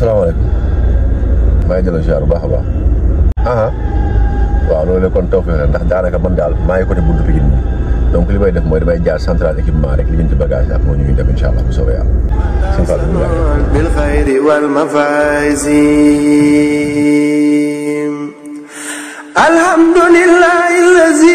salaamaaleykum maa ngi jëloon ziar bu baax a baax ah waaw loolu la kon tawfeex la ndax daanaka man daal maa ngi côté buntu bi donc li may def mooy damay jaar central équipement rek li jëm ci bagage ak moo ñu ngi dem incha allah bu soobee yàlla. sëñ Fall bil xayri wal mafaazi alhamdulillahi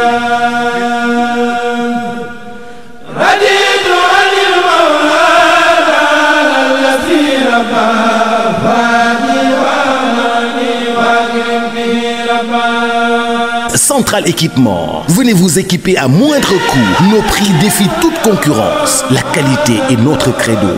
Central Équipement. Venez vous équiper à moindre coût. Nos prix défient toute concurrence. La qualité est notre credo.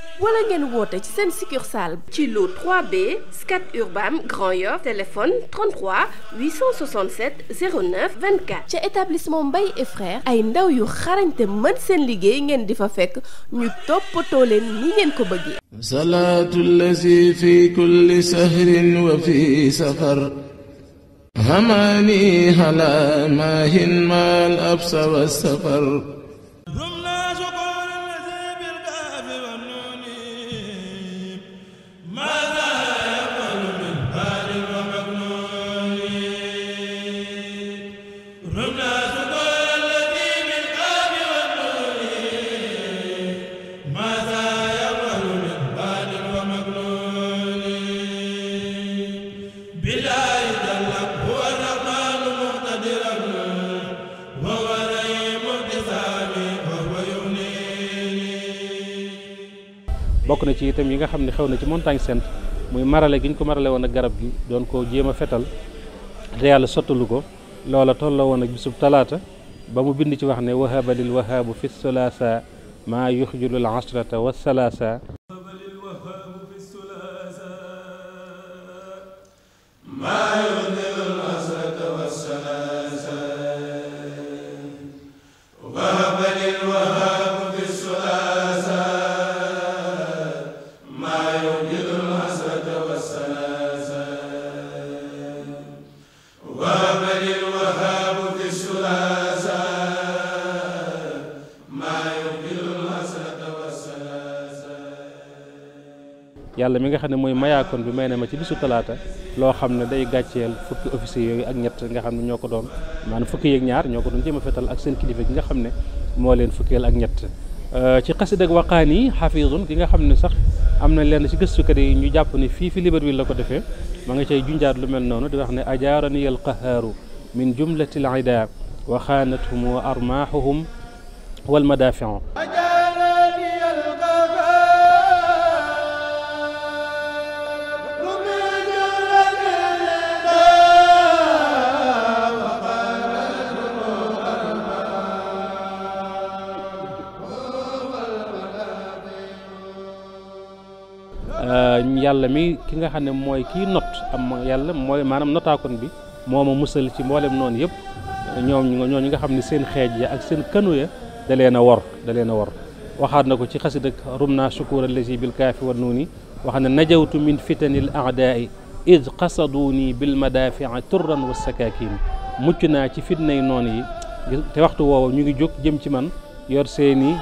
wala ngeen woote ci seen succursale ci lu 3B Scat Urbam Grand Yoff téléphone ca établissement Mbaye et ay ndaw yu xarañte mën seen liggéey ngeen di fa fekk ñu toppatoo leen ni ngeen ko bëggee salaatu lazi fi kulli sahrin wa fi safar hamaani hala maahin maal absa wa safar ci itam yi nga xam ne xew na ci montagne sainte muy marale gi ñu ko marale woon ak garab gi doon ko jéem a fetal te yàlla sottalu ko loola tolloo woon ak bisub talaata ba mu bind ci wax ne wahaba lil wahabu fi salaasa maa la al asrata wa salaasa yàlla mi nga xam ne mooy mayaakoon bi may na ma ci bisu talaata loo xam ne day gàcceel fukki officier yooyu ak ñett nga xam ne ñoo ko doon maanaam fukki yeeg ñaar ñoo ko doon jéem a fetal ak seen kilifa gi nga xam ne moo leen fukkeel ak ñett euh, ci xasid ak waqaan yi xafiidun gi nga xam ne sax am na lenn ci gëstukat yi ñu jàpp ni fii fi Libreville la ko defee ma nga cay junjaat lu mel noonu di wax ne ajaarani al qahaaru min jumlati al ida wa xaanathum wa armaahuhum yàlla mi ki nga xam ne mooy kii not am yàlla mooy maanaam notaakon bi moo ma musal ci mboolem noonu yëpp ñoom ñooñu nga xam ne seen xeej ya ak seen kanu ya da leen a wor da leen wor waxaat na ko ci xasid ak rum naa sukuur allazi bil kaafi wa nuuni wax ne najawtu min fitanil aadaai id qasaduuni bil madafia turran wa sakaakin mucc naa ci fitnay noonu yi te waxtu woowu ñu ngi jóg jëm ci man yor seeni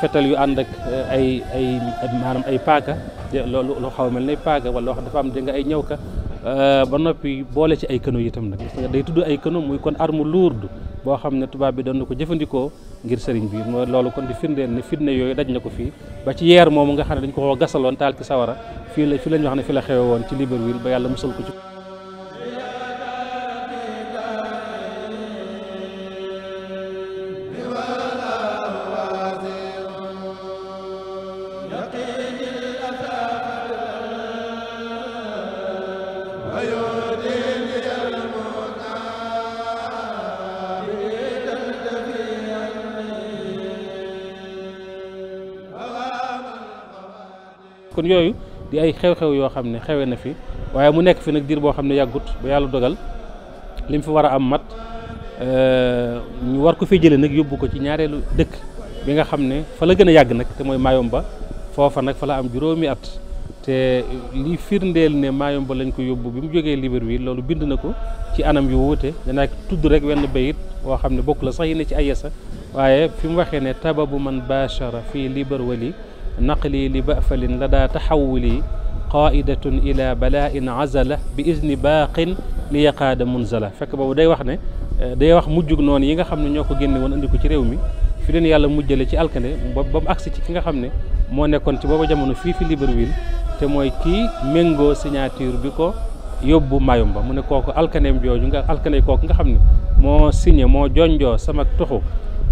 fetal yu ànd ak eh, ay ay maanaam ay paaka loolu lu xaw a mel ne paaka wala loo xam dafa am dégg nga ay ñëw ka eh, ba noppi boole ci ay kano itam nag day tudd ay kano muy kon arme lourde boo xam ne tubaab bi doon na ko jëfandikoo ngir sëriñ bi loolu kon di firndeel ne fitne yooyu daj na ko fii ba ci yeer moomu nga xam ne dañ ko koo gasaloon taal ci sawara fii la fii lañ wax ne fi la xewe woon ci Libreville ba yàlla musal ko ci yooyu di ay xew-xew yoo xam ne xewe na fi waaye mu nekk fi nag diir boo xam ne yàggut bu yàlla dogal li mu fi war a am mat euh, ñu war ko fee jëlee nag yóbbu ko ci ñaareelu dëkk bi nga xam ne fa la gën a yàgg nag te mooy ba foofa nag fa la am juróomi at te li firndeel ne ba lañ ko yóbbu bi mu jógee Libreville loolu bind na ko ci anam yu wuute danaa tudd rek wenn bayit boo xam ne bokk la sax yi ne ci ayesa waaye fi mu waxee ne tababu man naqli li bafalin la daa taxawuli qaidatun ila bala'in azala bi izni baaqin li yaqaada munzala fekk boobu day wax ne eh, day wax mujjug noonu yi nga xam ne ñoo ko génne woon andi ci réew mi fi leen yàlla mujjale ci alkande ba ba mu agsi ci ki nga xam ne moo nekkoon ci booba jamono fii fi Libreville te mooy kii méngoo signature bi ko yóbbu Mayumba mu ne kooku alkandeem jooju nga alkande kooku nga xam ne moo signé moo jonjoo sama tuxu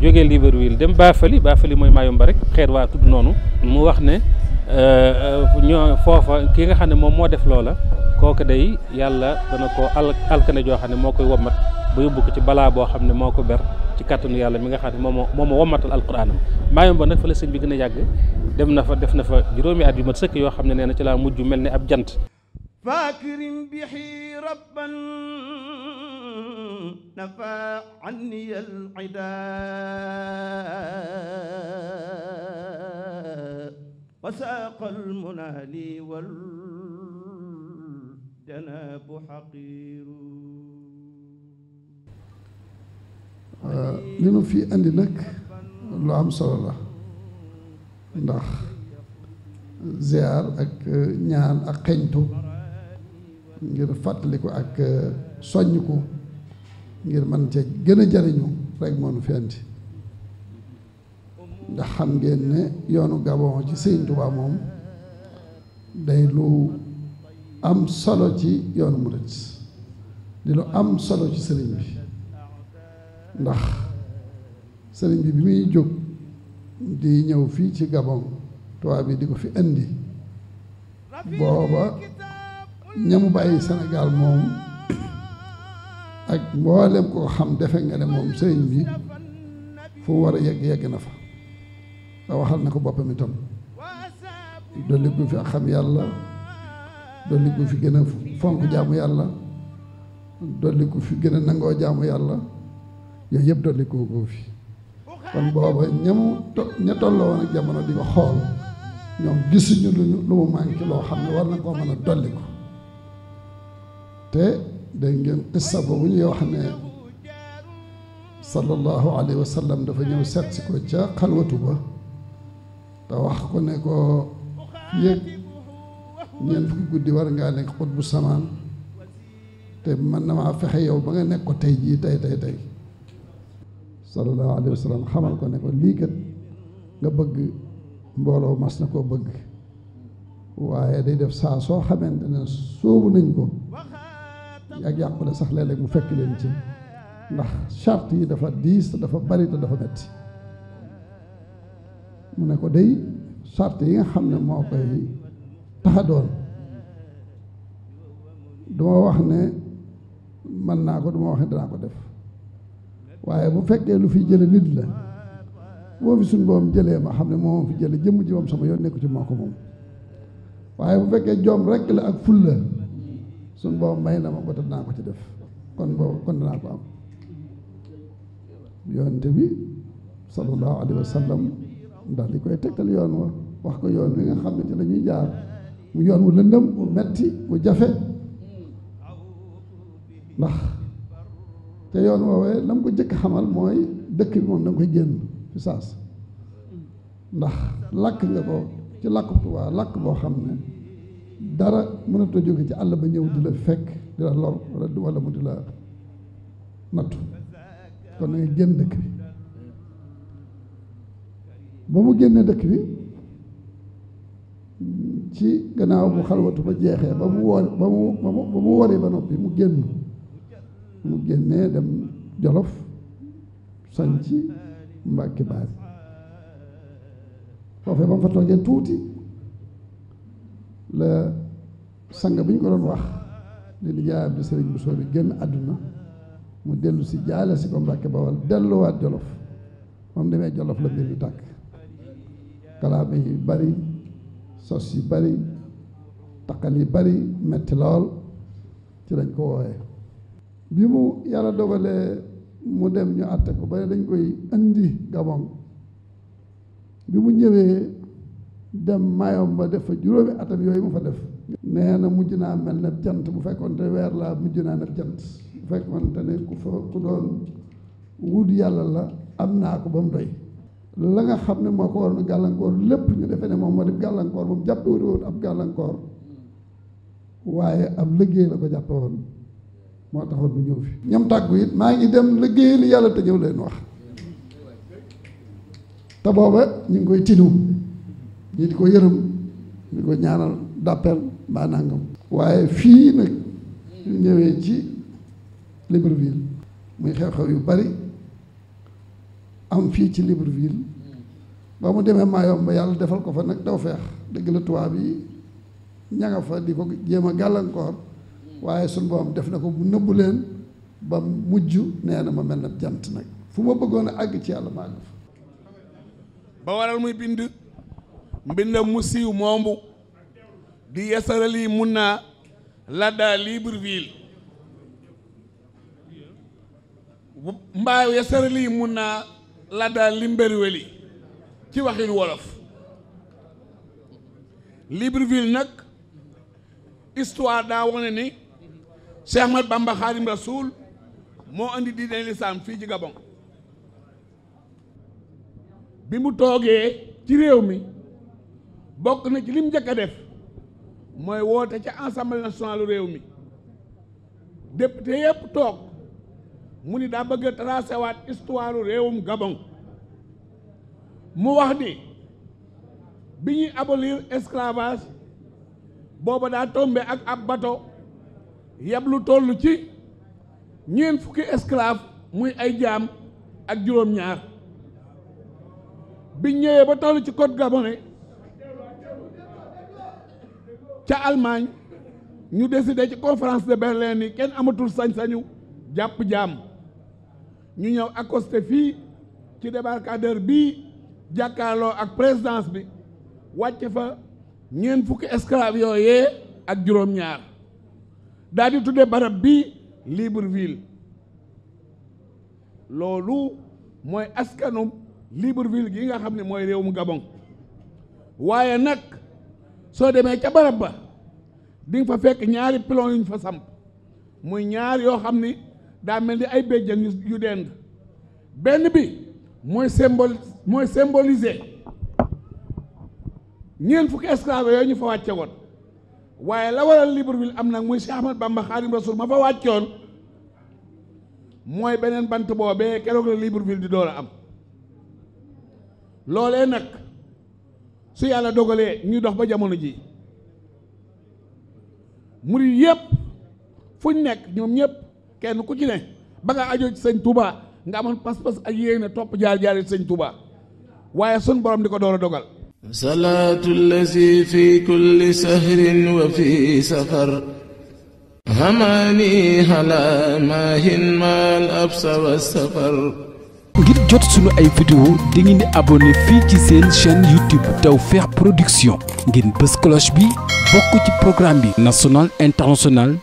jógee Libreville dem Bafali Bafali mooy Mayumba rek xeet waa tudd noonu mu wax ne euh, ñoo foofa ki nga xam ne moom moo def loola kooku day yàlla dana ko al alkane joo xam ne moo koy wommat ba yóbbu ko ci balaa boo xam ne moo ko ber ci kàttanu yàlla mi nga xam ne moom moo moo wommatal alquranam Mayumba nag fa la sëñ bi gën a yàgg dem na fa def na fa juróomi at yu mat sëkk yoo xam ne nee na ci laa mujj mel ne ab jant. نفى عني العداء وساق المنى لي والجناب حقير li nu fi andi nag lu am solo ak ñaan ak xeñtu ngir fàttaliku ak soññiku ngir man ca gën a jariñu rek moo nu ndax xam ngeen ne yoonu Gabon ci Sëñ Tuubaa moom day lu am solo ci yoonu murit di lu am solo ci sëriñ bi ndax sëriñ bi bi muy jóg di ñëw fii ci Gabon tubaab bi di ko fi indi booba ñamu bàyyi Sénégal moom ak mboolem koo xam defe nga ne moom sëriñ bi fu war a yegg yegg na fa da waxal na ko boppam itam dolli gu fi ak xam yàlla dolli gu fi gën a fonk jaamu yàlla dolli gu fi gën a nangoo jaamu yàlla yooyu yëpp dolli koo koo fi kon booba ñamu ña woon ak jamono di ko xool ñoom gisuñu luñu lu mu manqué loo xam ne war na koo mën a dolli ko te dégg ngeen qissa bu ñuy wax ne sallallahu alayhi wa dafa ñëw seet ko ca xalwatu ba te wax ko ne ko yëg ñeent fukki guddi war ngaa nekk xut bu samaan te mën na maa fexe yow ba nga nekk ko tey jii tey tey tey sallallahu alayhi wa sallam xamal ko ne lii kat nga bëgg mbooloo mas na koo bëgg waaye day def saa soo xamante ne soobu nañ ko ak yàqule sax léeg mu fekk leen ci ndax charte yi dafa diis dafa bari te dafa metti mu ne ko dey charte yi nga xam ne moo koy taxa doon duma wax ne mën naa ko duma wax ne danaa ko def waaye mu fekkee lu fi jële nit la boo fi suñ boom jëlee ma xam ne moom fi jële jëmm ji moom sama yoon nekku ci moo ko moom waaye bu fekkee joom rekk la ak fulla suñ boobu may na ma ko te dinaa ko ci def kon boobu kon dinaa ko am yoonte bi sallallahu alayhi wa sallam koy tegtal yoon wa wax ko yoon wi nga xam ne ci la jaar mu yoon wu lëndëm mu metti mu jafe ndax te yoon woowee la ko jëkk xamal mooy dëkk bi moom da nga koy génn fi saas ndax làkk nga ko ci làkku Tuubaa làkk boo xam ne dara mënatoo jóge ci àll ba ñëw di la fekk di la lor wala mu di la nattu kon na nga génn dëkk bi ba mu génnee dëkk bi ci gannaaw bu xalwatu ba jeexee ba mu woor ba mu ba mu wari ba noppi mu génn mu génnee dem Jolof sanc Mbàkke Baari foofee ba mu fa toogee tuuti la sang bi ñu ko doon wax ne di jaayam di sëriñ Bousso bi génn àdduna mu dellu si jaale si ko Mbàkke Bawal delluwaat Jolof moom demee Jolof la mbir bi tàkk kalaame yi bari sos yi bari taqal yi bari metti lool ci lañ ko wooye bi mu yàlla dogalee mu dem ñu àtte ko ba dañ koy indi Gabon bi mu ñëwee dem maayom ba def fa juróomi atam yooyu mu fa def nee na mujj naa mel ne jant bu fekkoon te weer laa mujj naa neb jant bu fekkoon te ne ku fa ku doon wut yàlla la am naa ko ba mu doy la nga xam ne moo ko na gàllankoor lépp ñu defee ne moom moo di gàllankoor moom jàppe woon ab gàllankoor waaye ab liggéey la ko jàppe woon moo taxoon bu ñëw fi ñam tàggu it maa ngi dem liggéey li yàlla te ñëw leen wax te booba ñu ngi koy tinu ñi di ko yërëm di ko ñaanal d'appel mbaa nangam waaye fii nag ñu ñëwee ci Libreville muy xew-xew yu bari am fii ci Libreville ba mu demee Mayomba yàlla defal ko fa nag daw feex dëgg la tubaab yi ña fa di ko jéem a gàllankoor waaye suñ boom def na ko bu nëbbu leen ba mujj nee ma mel na jant nag fu ma bëggoon a àgg ci yàlla ma fa ba waral muy bind mbind mu siiw moombu di yesarali mun naa ladda Libreville mbaa yesarali mun naa ladda Limberweli ci waxin wolof Libreville nag histoire daa wone ni Cheikh Bamba Xaadim Rasuul moo indi diine lislaam fii ci Gabon bi mu toogee ci réew mi bokk na ci lim njëkk a def mooy woote ca assemblée nationale réew mi député yépp toog mu ni daa bëgg a tracé waat réewum Gabon mu wax ni bi ñuy abolir esclavage booba daa tombé ak ab bato yab lu toll ci ñeent fukki esclave muy ay jaam ak juróom-ñaar biñ ñëwee ba toll ci code gabonais ca Allemagne ñu décidé ci conférence de Berlin ni kenn amatul sañ-sañu jàpp jaam ñu ñëw accosté fii ci débarcadère bii jàkkaarloo ak présidence bi wàcce fa ñeent fukki esclave yooyee ak juróom-ñaar daal di tudde barab bi Libreville loolu mooy askanum Libreville gi nga xam ne mooy réewum Gabon waaye nag soo demee ca barab ba di nga fa fekk ñaari pilon yuñ fa samp muy ñaar yoo xam ni daa mel ni ay béjjën yu dend benn bi mooy symbole mooy symboliser ñeent fukki esclave yooyu ñu fa wàcce woon waaye la waral Libreville am nag muy Cheikh Ahmad Bamba Xaadim Rasul ma fa wàccoon mooy beneen bant boobee keroog la Libreville di door a am loolee nag su yàlla dogalee ñuy dox ba jamono ji mu yëpp fu ñu nekk ñoom ñëpp kenn ku ci ne ba sëñ Touba nga amoon pas-pas ak yéene topp jaal jaari sëñ Touba waaye sun borom di ko door a dogal salaatu allazi fi kulli sahrin wa fi safar hamaani hala maahin maal absa wa safar jot suñu ay vidéo da ngeen di abonné fii ci seen chaîne YouTube Tawfekh Production ngir bës cloche bi bokk ci programme bi national international